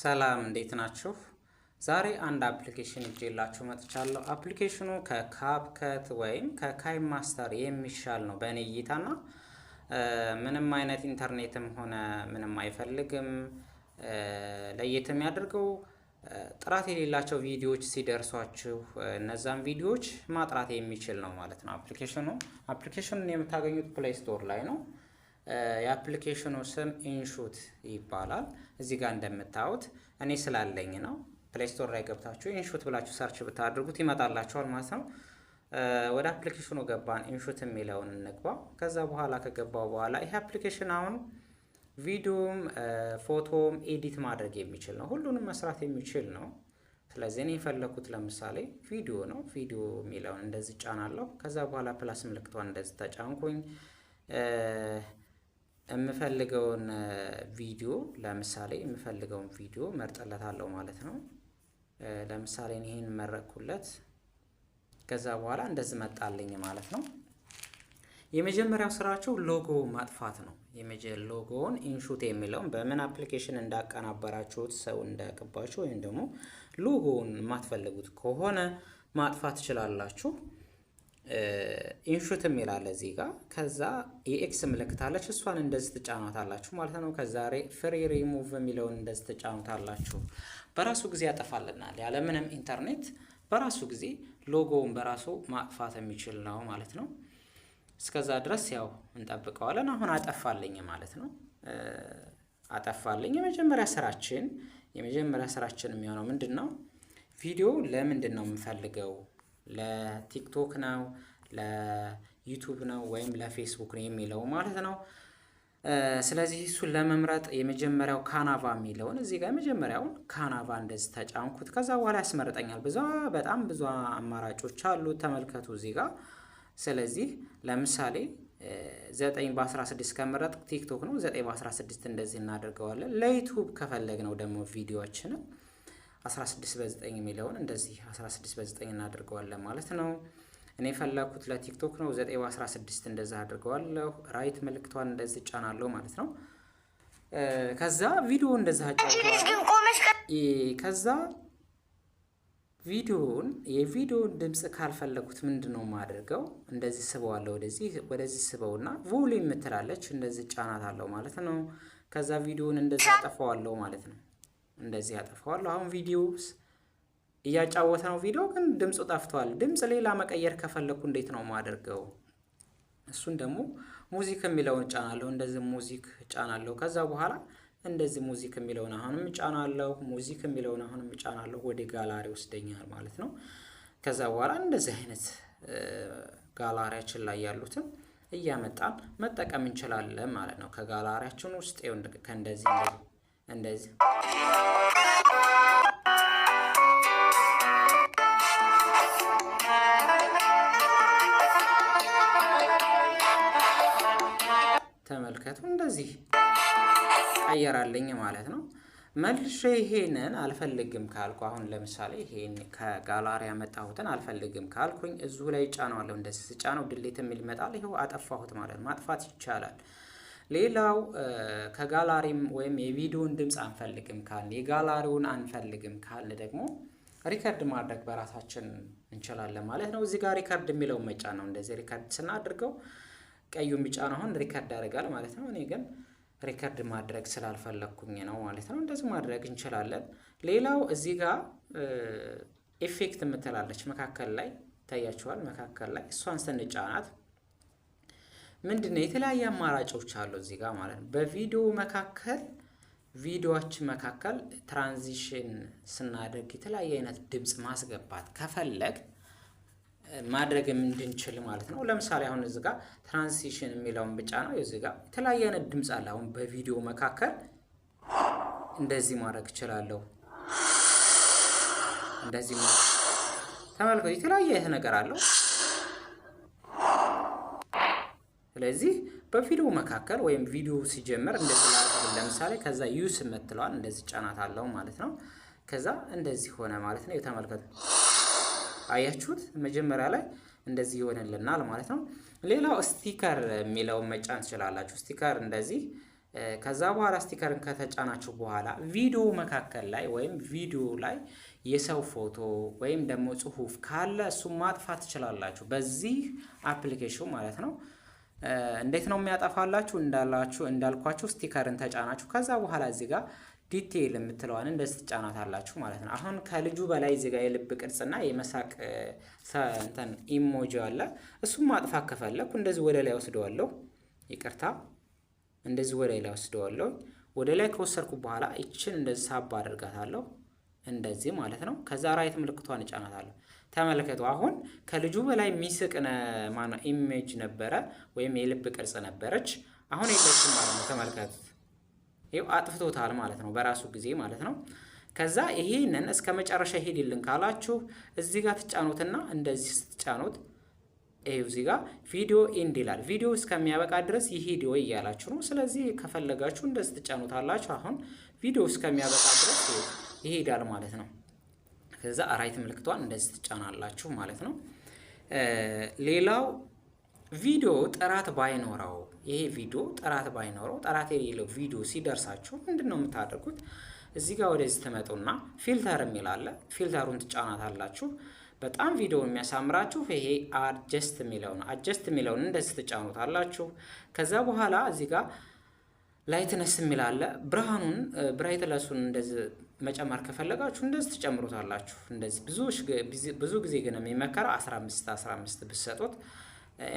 ሰላም እንዴት ናችሁ? ዛሬ አንድ አፕሊኬሽን ይዤላችሁ መጥቻለሁ። አፕሊኬሽኑ ከካፕከት ወይም ከካይ ማስተር የሚሻል ነው በእኔ እይታና ምንም አይነት ኢንተርኔትም ሆነ ምንም አይፈልግም። ለየት የሚያደርገው ጥራት የሌላቸው ቪዲዮዎች ሲደርሷችሁ እነዛን ቪዲዮዎች ማጥራት የሚችል ነው ማለት ነው አፕሊኬሽኑ። አፕሊኬሽኑን የምታገኙት ፕሌይ ስቶር ላይ ነው። የአፕሊኬሽኑ ስም ኢንሹት ይባላል። እዚህ ጋር እንደምታዩት እኔ ስላለኝ ነው። ፕሌይ ስቶር ላይ ገብታችሁ ኢንሹት ብላችሁ ሰርች ብታደርጉት ይመጣላችኋል ማለት ነው። ወደ አፕሊኬሽኑ ገባን። ኢንሹት የሚለውን እንግባ። ከዛ በኋላ ከገባው በኋላ ይሄ አፕሊኬሽን አሁን ቪዲዮም ፎቶም ኤዲት ማድረግ የሚችል ነው። ሁሉንም መስራት የሚችል ነው። ስለዚህ እኔ የፈለኩት ለምሳሌ ቪዲዮ ነው። ቪዲዮ የሚለውን እንደዚህ ጫናለሁ። ከዛ በኋላ ፕላስ ምልክቷን እንደዚህ ተጫንኩኝ። የምፈልገውን ቪዲዮ ለምሳሌ የምፈልገውን ቪዲዮ መርጠለታለሁ ማለት ነው። ለምሳሌ ይህን መረቅኩለት። ከዛ በኋላ እንደዚህ መጣልኝ ማለት ነው። የመጀመሪያው ስራቸው ሎጎ ማጥፋት ነው። ሎጎውን ኢንሹት የሚለውን በምን አፕሊኬሽን እንዳቀናበራችሁት ሰው እንዳያቅባችሁ ወይም ደግሞ ሎጎውን የማትፈልጉት ከሆነ ማጥፋት ትችላላችሁ። ኢንሹት የሚላለ እዚህ ጋ ከዛ የኤክስ ምልክት አለች። እሷን እንደዚህ ትጫኑታላችሁ ማለት ነው። ከዛ ፍሪ ሪሙቭ የሚለውን እንደዚህ ትጫኑታላችሁ። በራሱ ጊዜ ያጠፋልናል። ያለምንም ኢንተርኔት በራሱ ጊዜ ሎጎውን በራሱ ማጥፋት የሚችል ነው ማለት ነው። እስከዛ ድረስ ያው እንጠብቀዋለን። አሁን አጠፋልኝ ማለት ነው። አጠፋልኝ። የመጀመሪያ ስራችን የመጀመሪያ ስራችን የሚሆነው ምንድን ነው? ቪዲዮ ለምንድን ነው የምንፈልገው ለቲክቶክ ነው ለዩቱብ ነው ወይም ለፌስቡክ ነው የሚለው ማለት ነው። ስለዚህ እሱን ለመምረጥ የመጀመሪያው ካናቫ የሚለውን እዚህ ጋር የመጀመሪያውን ካናቫ እንደዚህ ተጫንኩት። ከዛ በኋላ ያስመርጠኛል። ብዙ በጣም ብዙ አማራጮች አሉ ተመልከቱ እዚህ ጋር። ስለዚህ ለምሳሌ ዘጠኝ በ16 ከመረጥ ቲክቶክ ነው። ዘጠኝ በ16 እንደዚህ እናደርገዋለን። ለዩቱብ ከፈለግ ነው ደግሞ ቪዲዮችንም 16 በ9 የሚለውን እንደዚህ 16 በ9 እናደርገዋለን ማለት ነው። እኔ ፈላኩት ለቲክቶክ ነው። 9 በ16 እንደዛ አድርገዋለሁ። ራይት ምልክቷን እንደዚህ ጫናለሁ ማለት ነው። ከዛ ቪዲዮ እንደዛ ከዛ ቪዲዮውን የቪዲዮውን ድምፅ ካልፈለኩት ምንድን ነው የማደርገው? እንደዚህ ስበዋለሁ። ወደዚህ ወደዚህ ስበውና ቮሊም የምትላለች እንደዚህ ጫናት አለው ማለት ነው። ከዛ ቪዲዮውን እንደዚህ አጠፋዋለሁ ማለት ነው። እንደዚህ አጠፋዋለሁ። አሁን ቪዲዮስ እያጫወተ ነው። ቪዲዮ ግን ድምፁ ጠፍቷል። ድምፅ ሌላ መቀየር ከፈለግኩ እንዴት ነው ማደርገው? እሱን ደግሞ ሙዚክ የሚለውን እጫናለሁ። እንደዚህ ሙዚክ እጫናለሁ። ከዛ በኋላ እንደዚህ ሙዚክ የሚለውን አሁንም እጫናለሁ። ሙዚክ የሚለውን አሁንም እጫናለሁ። ወደ ጋላሪ ወስደኛል ማለት ነው። ከዛ በኋላ እንደዚህ አይነት ጋላሪያችን ላይ ያሉትን እያመጣን መጠቀም እንችላለን ማለት ነው። ከጋላሪያችን ውስጥ ከእንደዚህ እንደዚህ ተመልከቱ። እንደዚህ ቀየራልኝ ማለት ነው። መልሼ ይሄንን አልፈልግም ካልኩ አሁን ለምሳሌ ይሄን ከጋላሪ ያመጣሁትን አልፈልግም ካልኩኝ እዙ ላይ ጫነዋለሁ። እንደዚህ ስጫነው ድሌት የሚል ይመጣል። ይኸው አጠፋሁት ማለት ማጥፋት ይቻላል። ሌላው ከጋላሪም ወይም የቪዲዮን ድምፅ አንፈልግም ካል የጋላሪውን አንፈልግም ካል ደግሞ ሪከርድ ማድረግ በራሳችን እንችላለን ማለት ነው። እዚህ ጋር ሪከርድ የሚለው መጫ ነው። እንደዚህ ሪከርድ ስናድርገው ቀዩ የሚጫን አሁን ሪከርድ ያደርጋል ማለት ነው። እኔ ግን ሪከርድ ማድረግ ስላልፈለግኩኝ ነው ማለት ነው። እንደዚህ ማድረግ እንችላለን። ሌላው እዚህ ጋር ኢፌክት የምትላለች መካከል ላይ ይታያችኋል። መካከል ላይ እሷን ስንጫናት ነው የተለያየ አማራጮች አሉ እዚህ ጋር ማለት ነው። በቪዲዮ መካከል ቪዲዮዎች መካከል ትራንዚሽን ስናደርግ የተለያየ አይነት ድምፅ ማስገባት ከፈለግ ማድረግ እንድንችል ማለት ነው። ለምሳሌ አሁን እዚህ ጋር ትራንዚሽን የሚለውን ብቻ ነው እዚህ ጋር የተለያየ አይነት ድምፅ አለ። አሁን በቪዲዮ መካከል እንደዚህ ማድረግ እችላለሁ። እንደዚህ ተመልከቱ፣ የተለያየ ነገር አለው። ስለዚህ በቪዲዮ መካከል ወይም ቪዲዮ ሲጀመር እንደዚህ ላቀብል ለምሳሌ ከዛ ዩስ የምትለዋል እንደዚህ ጫናት አለው ማለት ነው። ከዛ እንደዚህ ሆነ ማለት ነው። የተመልከቱ አያችሁት? መጀመሪያ ላይ እንደዚህ ይሆንልናል ማለት ነው። ሌላው ስቲከር የሚለውን መጫን ትችላላችሁ። ስቲከር እንደዚህ ከዛ በኋላ ስቲከርን ከተጫናችሁ በኋላ ቪዲዮ መካከል ላይ ወይም ቪዲዮ ላይ የሰው ፎቶ ወይም ደግሞ ጽሁፍ ካለ እሱ ማጥፋት ትችላላችሁ በዚህ አፕሊኬሽን ማለት ነው። እንዴት ነው የሚያጠፋላችሁ? እንዳላችሁ እንዳልኳችሁ ስቲከርን ተጫናችሁ። ከዛ በኋላ እዚህ ጋር ዲቴይል የምትለዋን እንደዚህ ትጫናታላችሁ ማለት ነው። አሁን ከልጁ በላይ እዚህ ጋር የልብ ቅርጽና የመሳቅ እንትን ኢሞጂ አለ። እሱም ማጥፋት ከፈለኩ እንደዚህ ወደ ላይ ወስደዋለሁ። ይቅርታ እንደዚህ ወደ ላይ ወስደዋለሁ። ወደ ላይ ከወሰድኩ በኋላ ይችን እንደዚህ ሳብ አድርጋታለሁ። እንደዚህ ማለት ነው። ከዛ ራይት ምልክቷን እጫናታለሁ። ተመልከቱ። አሁን ከልጁ በላይ የሚስቅ ማነው ኢሜጅ ነበረ ወይም የልብ ቅርጽ ነበረች። አሁን የለችም ማለት ነው። ተመልከቱ፣ ይኸው አጥፍቶታል ማለት ነው፣ በራሱ ጊዜ ማለት ነው። ከዛ ይሄንን እስከ መጨረሻ ሄድልን ካላችሁ እዚህ ጋር ትጫኑትና እንደዚህ ስትጫኑት ይሄው እዚህ ጋር ቪዲዮ ኢንድ ይላል። ቪዲዮ እስከሚያበቃ ድረስ ይሄድ ወይ እያላችሁ ነው። ስለዚህ ከፈለጋችሁ እንደዚህ ትጫኑታላችሁ። አሁን ቪዲዮ እስከሚያበቃ ድረስ ይሄዳል ማለት ነው። ከዛ ራይት ምልክቷን እንደዚህ ትጫናላችሁ ማለት ነው። ሌላው ቪዲዮ ጥራት ባይኖረው ይሄ ቪዲዮ ጥራት ባይኖረው ጥራት የሌለው ቪዲዮ ሲደርሳችሁ ምንድን ነው የምታደርጉት? እዚህ ጋር ወደዚህ ትመጡና ፊልተር የሚል አለ። ፊልተሩን ትጫናታላችሁ። በጣም ቪዲዮ የሚያሳምራችሁ ይሄ አጀስት የሚለውን አጀስት የሚለውን እንደዚህ ትጫኑታላችሁ። ከዛ በኋላ እዚህ ጋር ላይትነስ የሚል አለ። ብርሃኑን ብራይትነሱን እንደዚህ መጨመር ከፈለጋችሁ እንደዚህ ትጨምሩታላችሁ። እንደዚህ ብዙ ጊዜ ግን የሚመከረው 15 15 ብትሰጡት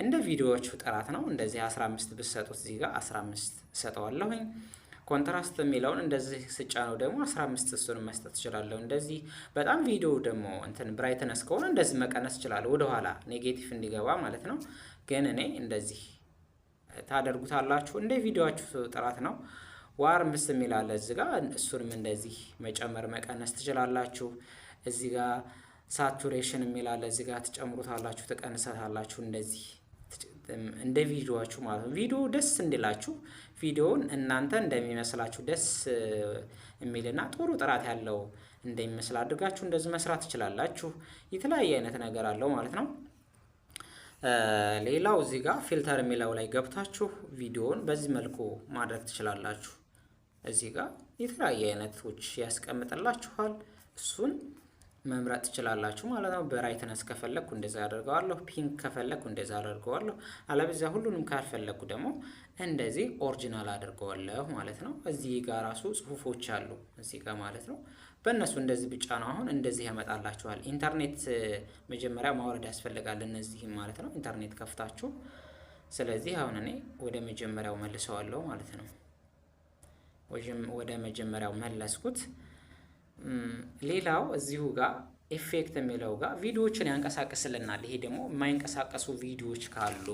እንደ ቪዲዮዎቹ ጥራት ነው። እንደዚህ 15 ብትሰጡት እዚህ ጋር 15 ሰጠዋለሁኝ። ኮንትራስት የሚለውን እንደዚህ ስጫ ነው ደግሞ 15 እሱን መስጠት እችላለሁ። እንደዚህ በጣም ቪዲዮ ደግሞ እንትን ብራይትነስ ከሆነ እንደዚህ መቀነስ እችላለሁ፣ ወደኋላ ኔጌቲቭ እንዲገባ ማለት ነው። ግን እኔ እንደዚህ ታደርጉታላችሁ። እንደ ቪዲዮችሁ ጥራት ነው። ዋር ምስ የሚላለ እዚህ ጋ እሱንም እንደዚህ መጨመር መቀነስ ትችላላችሁ። እዚህ ጋር ሳቹሬሽን የሚላለ እዚህ ጋ ትጨምሩታላችሁ፣ ትቀንሰታላችሁ። እንደዚህ እንደ ቪዲዮችሁ ማለት ነው። ቪዲዮ ደስ እንዲላችሁ ቪዲዮውን እናንተ እንደሚመስላችሁ ደስ የሚልና ጥሩ ጥራት ያለው እንደሚመስል አድርጋችሁ እንደዚህ መስራት ትችላላችሁ። የተለያየ አይነት ነገር አለው ማለት ነው። ሌላው እዚህ ጋር ፊልተር የሚለው ላይ ገብታችሁ ቪዲዮውን በዚህ መልኩ ማድረግ ትችላላችሁ። እዚህ ጋር የተለያየ አይነቶች ያስቀምጥላችኋል። እሱን መምረጥ ትችላላችሁ ማለት ነው። በራይትነስ ከፈለግኩ እንደዛ አደርገዋለሁ። ፒንክ ከፈለግኩ እንደዛ አደርገዋለሁ። አለበዚያ ሁሉንም ካልፈለግኩ ደግሞ እንደዚህ ኦሪጂናል አድርገዋለሁ ማለት ነው። እዚህ ጋር ራሱ ጽሁፎች አሉ እዚህ ጋር ማለት ነው። በእነሱ እንደዚህ ብጫ ነው። አሁን እንደዚህ ያመጣላችኋል። ኢንተርኔት መጀመሪያ ማውረድ ያስፈልጋል እነዚህም ማለት ነው። ኢንተርኔት ከፍታችሁ ስለዚህ አሁን እኔ ወደ መጀመሪያው መልሰዋለሁ ማለት ነው። ወደ መጀመሪያው መለስኩት። ሌላው እዚሁ ጋር ኤፌክት የሚለው ጋር ቪዲዮዎችን ያንቀሳቅስልናል። ይሄ ደግሞ የማይንቀሳቀሱ ቪዲዮዎች ካሉ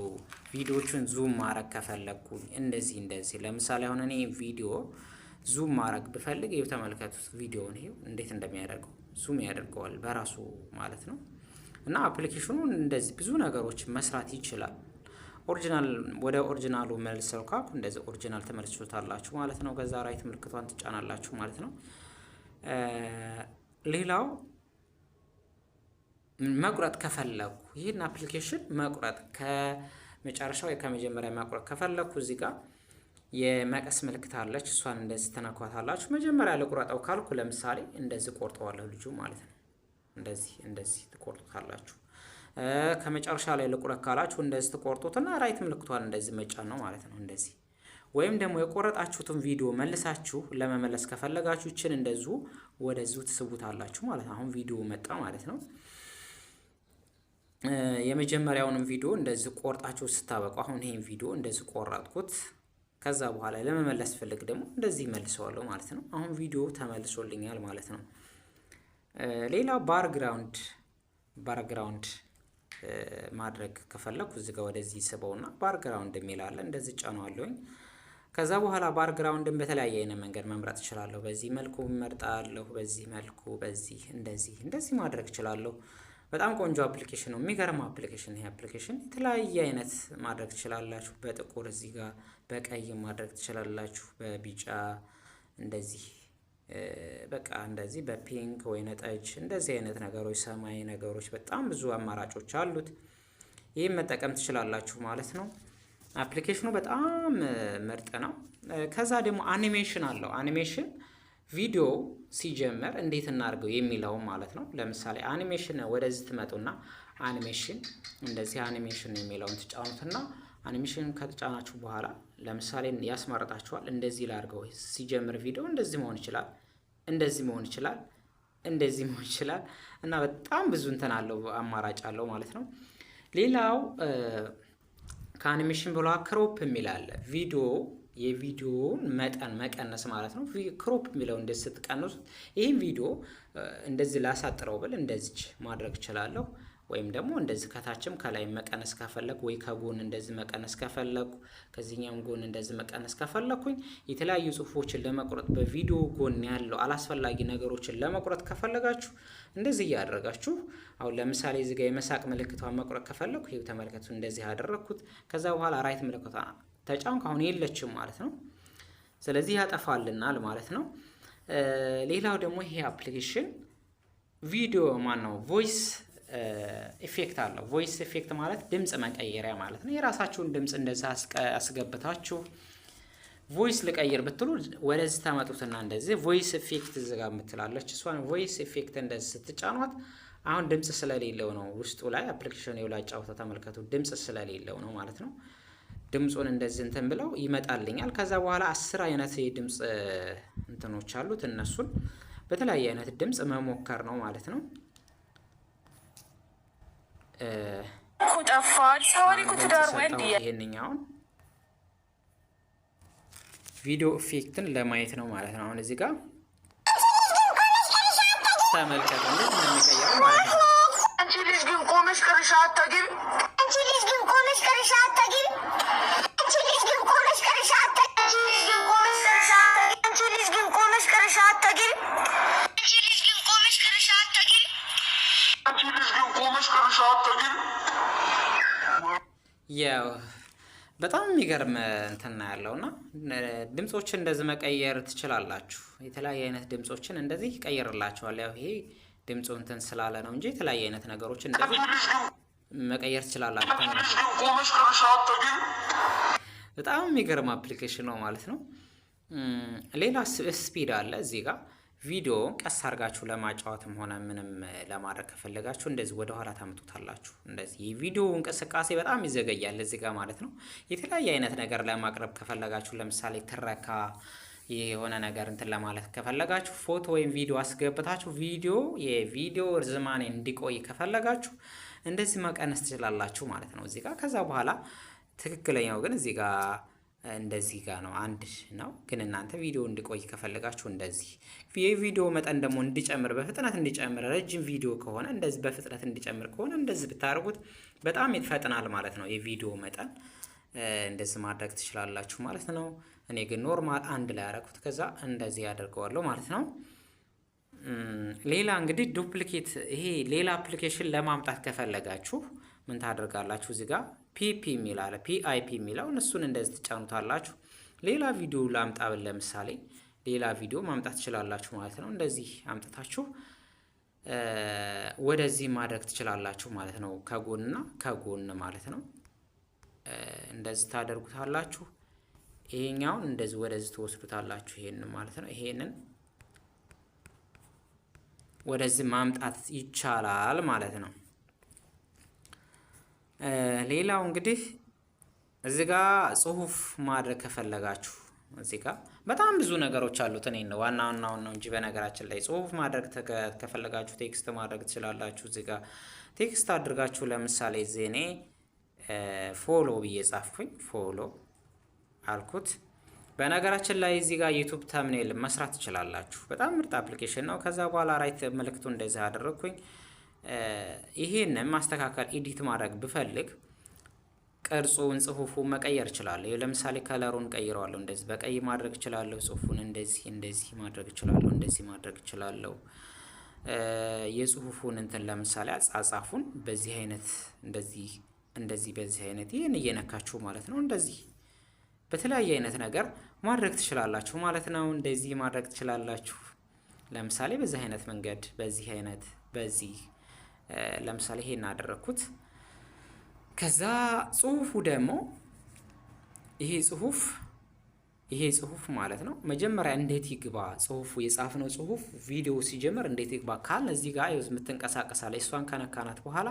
ቪዲዮዎቹን ዙም ማድረግ ከፈለግኩኝ እንደዚህ እንደዚህ፣ ለምሳሌ አሁን እኔ ቪዲዮ ዙም ማድረግ ብፈልግ ይኸው ተመልከቱት። ቪዲዮውን ይኸው እንዴት እንደሚያደርገው ዙም ያደርገዋል በራሱ ማለት ነው። እና አፕሊኬሽኑ እንደዚህ ብዙ ነገሮች መስራት ይችላል። ኦሪጂናል ወደ ኦሪጂናሉ መልሰው ካልኩ እንደዚህ ኦሪጂናል ተመልሶታላችሁ ማለት ነው። ከዛ ራይት ምልክቷን ትጫናላችሁ ማለት ነው። ሌላው መቁረጥ ከፈለኩ ይህን አፕሊኬሽን መቁረጥ ከመጨረሻው ከመጀመሪያ መቁረጥ ከፈለኩ እዚህ ጋር የመቀስ ምልክት አለች። እሷን እንደዚህ ተነኳታላችሁ። መጀመሪያ ልቁረጠው ካልኩ ለምሳሌ እንደዚህ ቆርጠዋለሁ ልጁ ማለት ነው። እንደዚህ እንደዚህ ትቆርጡታላችሁ። ከመጨረሻ ላይ ልቁረጥ ካላችሁ እንደዚህ ትቆርጡትና ራይት ምልክቷን እንደዚህ መጫን ነው ማለት ነው። እንደዚህ ወይም ደግሞ የቆረጣችሁትን ቪዲዮ መልሳችሁ ለመመለስ ከፈለጋችሁ ይችን እንደዚሁ ወደዚሁ ትስቡታላችሁ ማለት ነው። አሁን ቪዲዮ መጣ ማለት ነው። የመጀመሪያውንም ቪዲዮ እንደዚህ ቆርጣችሁ ስታበቁ፣ አሁን ይሄን ቪዲዮ እንደዚህ ቆረጥኩት። ከዛ በኋላ ለመመለስ ፈልግ ደግሞ እንደዚህ መልሰዋለሁ ማለት ነው። አሁን ቪዲዮ ተመልሶልኛል ማለት ነው። ሌላ ባርግራውንድ ባርግራውንድ ማድረግ ከፈለኩ እዚህ ጋር ወደዚህ ስበውና ባርግራውንድ የሚላለ እንደዚህ ጫነዋለሁኝ። ከዛ በኋላ ባርግራውንድን በተለያየ አይነት መንገድ መምረጥ እችላለሁ። በዚህ መልኩ መርጣለሁ፣ በዚህ መልኩ፣ በዚህ እንደዚህ እንደዚህ ማድረግ እችላለሁ። በጣም ቆንጆ አፕሊኬሽን ነው፣ የሚገርም አፕሊኬሽን። ይሄ አፕሊኬሽን የተለያየ አይነት ማድረግ ትችላላችሁ። በጥቁር እዚህ ጋር በቀይ ማድረግ ትችላላችሁ፣ በቢጫ እንደዚህ በቃ እንደዚህ በፒንክ ወይ ጠጅ እንደዚህ አይነት ነገሮች ሰማያዊ ነገሮች በጣም ብዙ አማራጮች አሉት። ይህም መጠቀም ትችላላችሁ ማለት ነው። አፕሊኬሽኑ በጣም ምርጥ ነው። ከዛ ደግሞ አኒሜሽን አለው። አኒሜሽን ቪዲዮ ሲጀመር እንዴት እናድርገው የሚለው ማለት ነው። ለምሳሌ አኒሜሽን ወደዚህ ትመጡና አኒሜሽን እንደዚህ አኒሜሽን የሚለውን ትጫኑትና አኒሜሽን ከተጫናችሁ በኋላ ለምሳሌ ያስመረጣችኋል። እንደዚህ ላድርገው። ሲጀምር ቪዲዮ እንደዚህ መሆን ይችላል፣ እንደዚህ መሆን ይችላል፣ እንደዚህ መሆን ይችላል እና በጣም ብዙ እንትን አለው አማራጭ አለው ማለት ነው። ሌላው ከአኒሜሽን ብሎ ክሮፕ የሚል አለ። ቪዲዮ የቪዲዮውን መጠን መቀነስ ማለት ነው። ክሮፕ የሚለው እንደዚህ ስትቀንሱት ይህን ቪዲዮ እንደዚህ ላሳጥረው ብል እንደዚች ማድረግ እችላለሁ። ወይም ደግሞ እንደዚህ ከታችም ከላይ መቀነስ ከፈለኩ ወይ ከጎን እንደዚህ መቀነስ ከፈለኩ ከዚህኛም ጎን እንደዚህ መቀነስ ከፈለኩኝ የተለያዩ ጽሁፎችን ለመቁረጥ በቪዲዮ ጎን ያለው አላስፈላጊ ነገሮችን ለመቁረጥ ከፈለጋችሁ እንደዚህ እያደረጋችሁ አሁን ለምሳሌ እዚህ ጋር የመሳቅ ምልክቷን መቁረጥ ከፈለኩ ይኸው ተመልከቱ፣ እንደዚህ ያደረግኩት። ከዛ በኋላ ራይት ምልክቷ ተጫንኩ፣ አሁን የለችም ማለት ነው። ስለዚህ ያጠፋልናል ማለት ነው። ሌላው ደግሞ ይሄ አፕሊኬሽን ቪዲዮ ማን ነው ቮይስ ኢፌክት አለው። ቮይስ ኢፌክት ማለት ድምፅ መቀየሪያ ማለት ነው። የራሳችሁን ድምፅ እንደዚህ አስገብታችሁ ቮይስ ልቀይር ብትሉ ወደዚህ ተመጡትና እንደዚህ ቮይስ ኢፌክት ዝጋ የምትላለች እሷን ቮይስ ኢፌክት እንደዚህ ስትጫኗት አሁን ድምፅ ስለሌለው ነው። ውስጡ ላይ አፕሊኬሽን የውላ ጫውታ ተመልከቱ። ድምፅ ስለሌለው ነው ማለት ነው። ድምፁን እንደዚህ እንትን ብለው ይመጣልኛል። ከዛ በኋላ አስር አይነት የድምፅ እንትኖች አሉት። እነሱን በተለያየ አይነት ድምፅ መሞከር ነው ማለት ነው። ይሄንኛውን ቪዲዮ ኢፌክትን ለማየት ነው ማለት ነው። አሁን እዚህ ጋር ተመልከት እንደሚቀየሩ ማለት ነው። አንቺ ልጅ ግን ቆመሽ ቀርሻ አታገቢ። ያው በጣም የሚገርም እንትና ና ድምፆችን እንደዚህ መቀየር ትችላላችሁ። የተለያየ አይነት ድምፆችን እንደዚህ ይቀይርላችኋል። ያው ይሄ ድምፁ እንትን ስላለ ነው እንጂ የተለያየ አይነት ነገሮችን እንደዚህ መቀየር ትችላላችሁ። በጣም የሚገርም አፕሊኬሽን ነው ማለት ነው። ሌላ ስፒድ አለ እዚህ ጋር ቪዲዮውን ቀስ አድርጋችሁ ለማጫወትም ሆነ ምንም ለማድረግ ከፈለጋችሁ እንደዚህ ወደ ኋላ ታምጡታላችሁ። እንደዚህ የቪዲዮ እንቅስቃሴ በጣም ይዘገያል እዚህ ጋር ማለት ነው። የተለያየ አይነት ነገር ለማቅረብ ከፈለጋችሁ ለምሳሌ ትረካ የሆነ ነገር እንትን ለማለት ከፈለጋችሁ ፎቶ ወይም ቪዲዮ አስገብታችሁ ቪዲዮ የቪዲዮ ርዝማኔ እንዲቆይ ከፈለጋችሁ እንደዚህ መቀነስ ትችላላችሁ ማለት ነው እዚህ ጋር። ከዛ በኋላ ትክክለኛው ግን እዚህ ጋር እንደዚህ ጋር ነው አንድ ነው። ግን እናንተ ቪዲዮ እንድቆይ ከፈለጋችሁ እንደዚህ የቪዲዮ መጠን ደግሞ እንዲጨምር በፍጥነት እንዲጨምር ረጅም ቪዲዮ ከሆነ እንደዚህ በፍጥነት እንዲጨምር ከሆነ እንደዚህ ብታደርጉት በጣም ይፈጥናል ማለት ነው። የቪዲዮ መጠን እንደዚህ ማድረግ ትችላላችሁ ማለት ነው። እኔ ግን ኖርማል አንድ ላይ ያደረኩት ከዛ እንደዚህ ያደርገዋለሁ ማለት ነው። ሌላ እንግዲህ ዱፕሊኬት ይሄ ሌላ አፕሊኬሽን ለማምጣት ከፈለጋችሁ ምን ታደርጋላችሁ እዚህ ጋር ፒፒ የሚል አለ ፒአይፒ የሚለው እነሱን እንደዚህ ትጫኑታላችሁ። ሌላ ቪዲዮ ላምጣ ለምሳሌ ሌላ ቪዲዮ ማምጣት ትችላላችሁ ማለት ነው። እንደዚህ አምጥታችሁ ወደዚህ ማድረግ ትችላላችሁ ማለት ነው። ከጎንና ከጎን ማለት ነው። እንደዚህ ታደርጉታላችሁ። ይሄኛውን እንደዚህ ወደዚህ ትወስዱታላችሁ። ይሄን ማለት ነው። ይሄንን ወደዚህ ማምጣት ይቻላል ማለት ነው። ሌላው እንግዲህ እዚህ ጋ ጽሁፍ ማድረግ ከፈለጋችሁ እዚህ ጋ በጣም ብዙ ነገሮች አሉት። እኔ ነው ዋና ዋናውን ነው እንጂ በነገራችን ላይ ጽሁፍ ማድረግ ከፈለጋችሁ ቴክስት ማድረግ ትችላላችሁ። እዚህ ጋ ቴክስት አድርጋችሁ ለምሳሌ ዜኔ ፎሎ ብዬ ጻፍኩኝ፣ ፎሎ አልኩት። በነገራችን ላይ እዚህ ጋር ዩቱብ ተምኔል መስራት ትችላላችሁ። በጣም ምርጥ አፕሊኬሽን ነው። ከዛ በኋላ ራይት ምልክቱ እንደዚህ አደረግኩኝ። ይሄንን ማስተካከል ኤዲት ማድረግ ብፈልግ ቅርጹን ጽሁፉን መቀየር እችላለሁ። ለምሳሌ ከለሩን ቀይረዋለሁ። እንደዚህ በቀይ ማድረግ እችላለሁ። ጽሁፉን እንደዚህ እንደዚህ ማድረግ እችላለሁ። እንደዚህ ማድረግ እችላለሁ። የጽሁፉን እንትን ለምሳሌ አጻጻፉን በዚህ አይነት እንደዚህ እንደዚህ በዚህ አይነት ይህን እየነካችሁ ማለት ነው። እንደዚህ በተለያየ አይነት ነገር ማድረግ ትችላላችሁ ማለት ነው። እንደዚህ ማድረግ ትችላላችሁ። ለምሳሌ በዚህ አይነት መንገድ በዚህ አይነት በዚህ ለምሳሌ ይሄ እናደረግኩት። ከዛ ጽሁፉ ደግሞ ይሄ ጽሁፍ ይሄ ጽሁፍ ማለት ነው። መጀመሪያ እንዴት ይግባ ጽሁፉ የጻፍነው ጽሁፍ ቪዲዮ ሲጀምር እንዴት ይግባ ካልን እዚህ ጋር የምትንቀሳቀሳለ እሷን ከነካናት በኋላ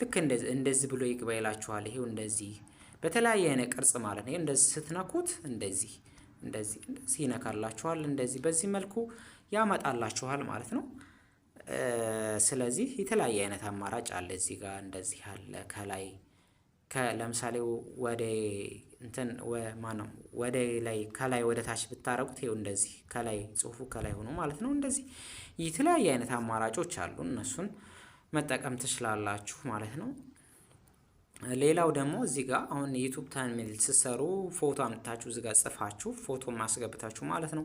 ልክ እንደዚህ ብሎ ይግባ ይላችኋል። ይሄው እንደዚህ በተለያየ አይነት ቅርጽ ማለት ነው። እንደዚህ ስትነኩት እንደዚህ እንደዚህ እንደዚህ ይነካላችኋል። እንደዚህ በዚህ መልኩ ያመጣላችኋል ማለት ነው። ስለዚህ የተለያየ አይነት አማራጭ አለ። እዚህ ጋር እንደዚህ አለ። ከላይ ለምሳሌ ወደ እንትን ማነው ወደ ላይ ከላይ ወደ ታች ብታረጉት ይኸው እንደዚህ ከላይ ጽሁፉ ከላይ ሆኖ ማለት ነው። እንደዚህ የተለያየ አይነት አማራጮች አሉ። እነሱን መጠቀም ትችላላችሁ ማለት ነው። ሌላው ደግሞ እዚህ ጋር አሁን ዩቱብ ተርሚል ስሰሩ ፎቶ አምጥታችሁ እዚህ ጋር ጽፋችሁ ፎቶ ማስገብታችሁ ማለት ነው።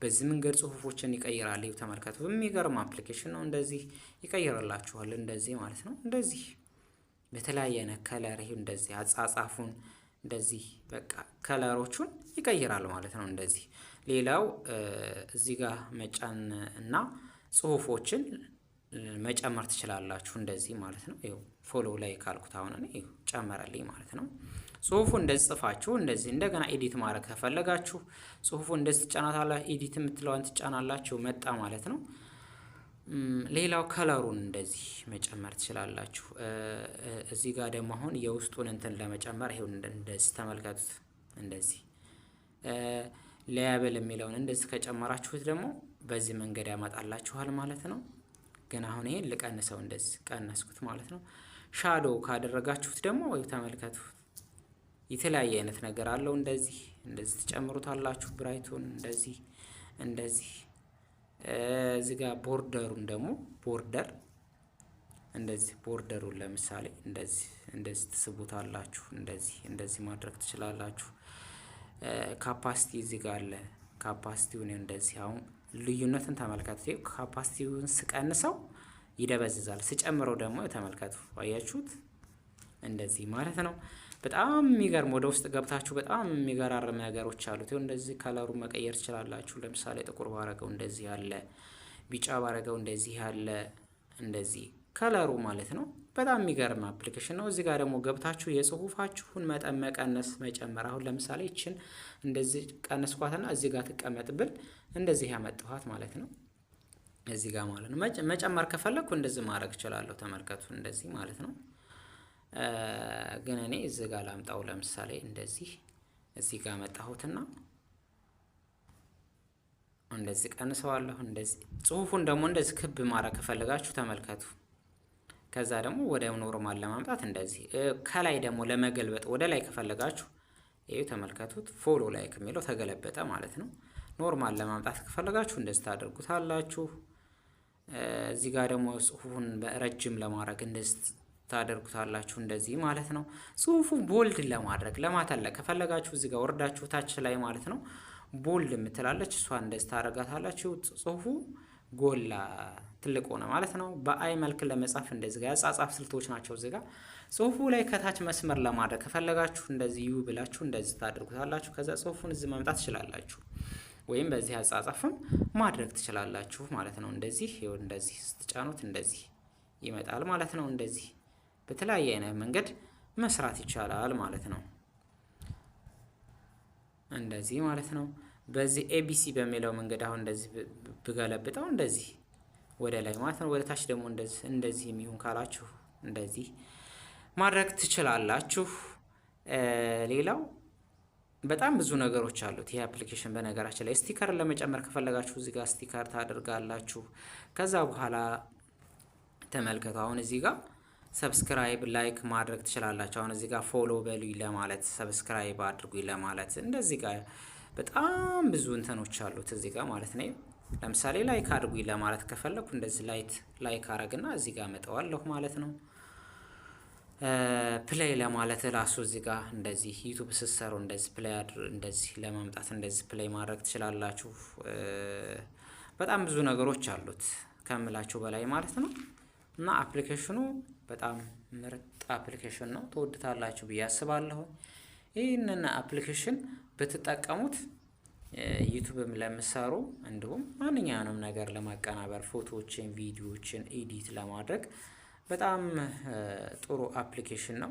በዚህ መንገድ ጽሁፎችን ይቀይራል። ይኸው ተመልከቱ። የሚገርም አፕሊኬሽን ነው። እንደዚህ ይቀይርላችኋል። እንደዚህ ማለት ነው። እንደዚህ በተለያየ ነ ከለር ይሄው እንደዚህ አጻጻፉን እንደዚህ በቃ ከለሮቹን ይቀይራል ማለት ነው። እንደዚህ ሌላው እዚህ ጋር መጫን እና ጽሁፎችን መጨመር ትችላላችሁ። እንደዚህ ማለት ነው። ይኸው ፎሎ ላይ ካልኩት አሁን እኔ ጨመረልኝ ማለት ነው። ጽሁፉ እንደዚህ ጽፋችሁ እንደዚህ እንደገና ኤዲት ማድረግ ከፈለጋችሁ ጽሁፉ እንደዚህ ትጫናታላ ኤዲት የምትለዋን ትጫናላችሁ። መጣ ማለት ነው። ሌላው ከለሩን እንደዚህ መጨመር ትችላላችሁ። እዚህ ጋር ደግሞ አሁን የውስጡን እንትን ለመጨመር ይሄው እንደዚህ ተመልከቱት። እንደዚህ ሌያብል የሚለውን እንደዚህ ከጨመራችሁት ደግሞ በዚህ መንገድ ያመጣላችኋል ማለት ነው። ግን አሁን ይሄን ልቀንሰው፣ እንደዚህ ቀነስኩት ማለት ነው። ሻዶ ካደረጋችሁት ደግሞ ተመልከቱ፣ የተለያየ አይነት ነገር አለው። እንደዚህ እንደዚህ ትጨምሩታላችሁ። ብራይቱን እንደዚህ እንደዚህ እዚህ ጋር ቦርደሩን ደግሞ ቦርደር እንደዚህ ቦርደሩን ለምሳሌ እንደዚህ እንደዚህ ትስቡታላችሁ። እንደዚህ እንደዚህ ማድረግ ትችላላችሁ። ካፓሲቲ እዚህ ጋር አለ። ካፓሲቲውን እንደዚህ አሁን ልዩነትን ተመልከቱ። ካፓሲቲውን ስቀንሰው ይደበዝዛል። ስጨምረው ደግሞ ተመልከቱ፣ አያችሁት? እንደዚህ ማለት ነው። በጣም የሚገርም ወደ ውስጥ ገብታችሁ በጣም የሚገራርም ነገሮች አሉት። ይኸው እንደዚህ ከለሩ መቀየር ትችላላችሁ። ለምሳሌ ጥቁር ባረገው እንደዚህ ያለ፣ ቢጫ ባረገው እንደዚህ ያለ፣ እንደዚህ ከለሩ ማለት ነው። በጣም የሚገርም አፕሊኬሽን ነው። እዚህ ጋር ደግሞ ገብታችሁ የጽሁፋችሁን መጠን መቀነስ መጨመር። አሁን ለምሳሌ ይችን እንደዚህ ቀነስኳትና እዚህ ጋር ትቀመጥብል እንደዚህ ያመጣኋት ማለት ነው። እዚህ ጋር ማለት ነው። መጨመር ከፈለግኩ እንደዚህ ማድረግ እችላለሁ። ተመልከቱ፣ እንደዚህ ማለት ነው። ግን እኔ እዚህ ጋር ላምጣው። ለምሳሌ እንደዚህ እዚህ ጋር መጣሁትና እንደዚህ ቀንሰዋለሁ። እንደዚህ ጽሁፉን ደግሞ እንደዚህ ክብ ማድረግ ከፈልጋችሁ ተመልከቱ። ከዛ ደግሞ ወደ ኖርማል ለማምጣት እንደዚህ ከላይ ደግሞ ለመገልበጥ ወደ ላይ ከፈለጋችሁ ይህ ተመልከቱት። ፎሎ ላይክ የሚለው ተገለበጠ ማለት ነው። ኖርማል ለማምጣት ከፈለጋችሁ እንደዚህ ታደርጉታላችሁ። እዚህ ጋር ደግሞ ጽሁፉን ረጅም ለማድረግ እንደዚህ ታደርጉታላችሁ እንደዚህ ማለት ነው። ጽሁፉ ቦልድ ለማድረግ ለማተለቅ ከፈለጋችሁ እዚህ ጋር ወርዳችሁ ታች ላይ ማለት ነው ቦልድ የምትላለች እሷ እንደዚህ ታደርጋታላችሁ። ጽሁፉ ጎላ ትልቅ ሆነ ማለት ነው። በአይ መልክ ለመጻፍ እንደዚህ ጋር ያጻጻፍ ስልቶች ናቸው። እዚህ ጋር ጽሁፉ ላይ ከታች መስመር ለማድረግ ከፈለጋችሁ እንደዚህ ዩ ብላችሁ እንደዚህ ታደርጉታላችሁ። ከዛ ጽሁፉን እዚህ መምጣት ትችላላችሁ። ወይም በዚህ አጻጻፍም ማድረግ ትችላላችሁ ማለት ነው። እንደዚህ እንደዚህ ስትጫኑት እንደዚህ ይመጣል ማለት ነው። እንደዚህ በተለያየ አይነት መንገድ መስራት ይቻላል ማለት ነው። እንደዚህ ማለት ነው። በዚህ ኤቢሲ በሚለው መንገድ አሁን እንደዚህ ብገለብጠው እንደዚህ ወደ ላይ ማለት ነው። ወደ ታች ደግሞ እንደዚህ የሚሆን ካላችሁ እንደዚህ ማድረግ ትችላላችሁ። ሌላው በጣም ብዙ ነገሮች አሉት ይህ አፕሊኬሽን በነገራችን ላይ ስቲከር ለመጨመር ከፈለጋችሁ እዚህ ጋር ስቲከር ታደርጋላችሁ። ከዛ በኋላ ተመልከቱ። አሁን እዚህ ጋር ሰብስክራይብ ላይክ ማድረግ ትችላላችሁ። አሁን እዚህ ጋር ፎሎ በሉ ለማለት ሰብስክራይብ አድርጉ ለማለት እንደዚህ ጋር በጣም ብዙ እንትኖች አሉት እዚህ ጋር ማለት ነው። ለምሳሌ ላይክ አድርጉ ለማለት ከፈለኩ እንደዚህ ላይት ላይክ አረግና እዚህ ጋር መጠዋለሁ ማለት ነው። ፕሌይ ለማለት ራሱ እዚህ ጋ እንደዚህ ዩቱብ ስትሰሩ እንደዚህ ፕሌይ እንደዚህ ለማምጣት እንደዚህ ፕሌይ ማድረግ ትችላላችሁ። በጣም ብዙ ነገሮች አሉት ከምላችሁ በላይ ማለት ነው። እና አፕሊኬሽኑ በጣም ምርጥ አፕሊኬሽን ነው። ትወድታላችሁ ብዬ አስባለሁ። ይህንን አፕሊኬሽን ብትጠቀሙት ዩቱብም ለምሰሩ እንዲሁም ማንኛውንም ነገር ለማቀናበር ፎቶዎችን፣ ቪዲዮዎችን ኤዲት ለማድረግ በጣም ጥሩ አፕሊኬሽን ነው።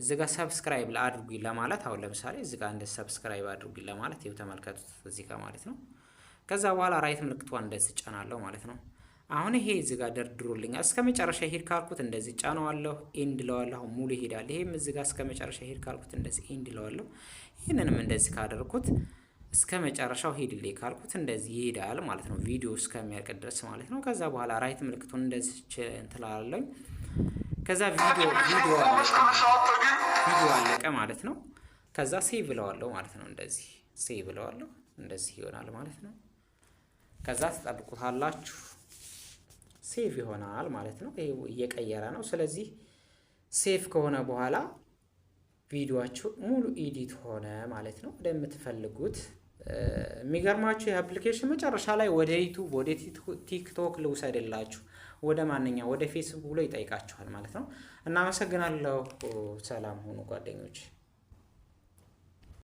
እዚ ጋር ሰብስክራይብ አድርጉ ለማለት አሁን ለምሳሌ እዚ ጋር እንደ ሰብስክራይብ አድርጉ ለማለት ይኸው ተመልከቱት፣ እዚህ ጋር ማለት ነው። ከዛ በኋላ ራይት ምልክቷ እንደዚህ ጫናለሁ ማለት ነው። አሁን ይሄ እዚ ጋር ደርድሮልኛል። እስከ መጨረሻ ሄድ ካልኩት እንደዚህ ጫነዋለሁ፣ ኢንድ ለዋለሁ፣ ሙሉ ይሄዳል። ይሄም እዚ ጋር እስከ መጨረሻ ሄድ ካልኩት እንደዚህ ኢንድ ለዋለሁ። ይህንንም እንደዚህ ካደርኩት እስከ መጨረሻው ሂድልኝ ካልኩት እንደዚህ ይሄዳል ማለት ነው። ቪዲዮ እስከሚያልቅ ድረስ ማለት ነው። ከዛ በኋላ ራይት ምልክቱን እንደዚህ እንትላለኝ። ከዛ ቪዲዮ ቪዲዮ አለቀ ማለት ነው። ከዛ ሴቭ ብለዋለሁ ማለት ነው። እንደዚህ ሴቭ ብለዋለሁ። እንደዚህ ይሆናል ማለት ነው። ከዛ ትጠብቁታላችሁ። ሴቭ ይሆናል ማለት ነው። እየቀየረ ነው። ስለዚህ ሴቭ ከሆነ በኋላ ቪዲዮአችሁ ሙሉ ኤዲት ሆነ ማለት ነው። ወደምትፈልጉት የሚገርማችሁ የአፕሊኬሽን መጨረሻ ላይ ወደ ዩቱብ ወደ ቲክቶክ ልውሰድላችሁ ወደ ማንኛው ወደ ፌስቡክ ብሎ ይጠይቃችኋል ማለት ነው። እናመሰግናለሁ። ሰላም ሆኑ ጓደኞች።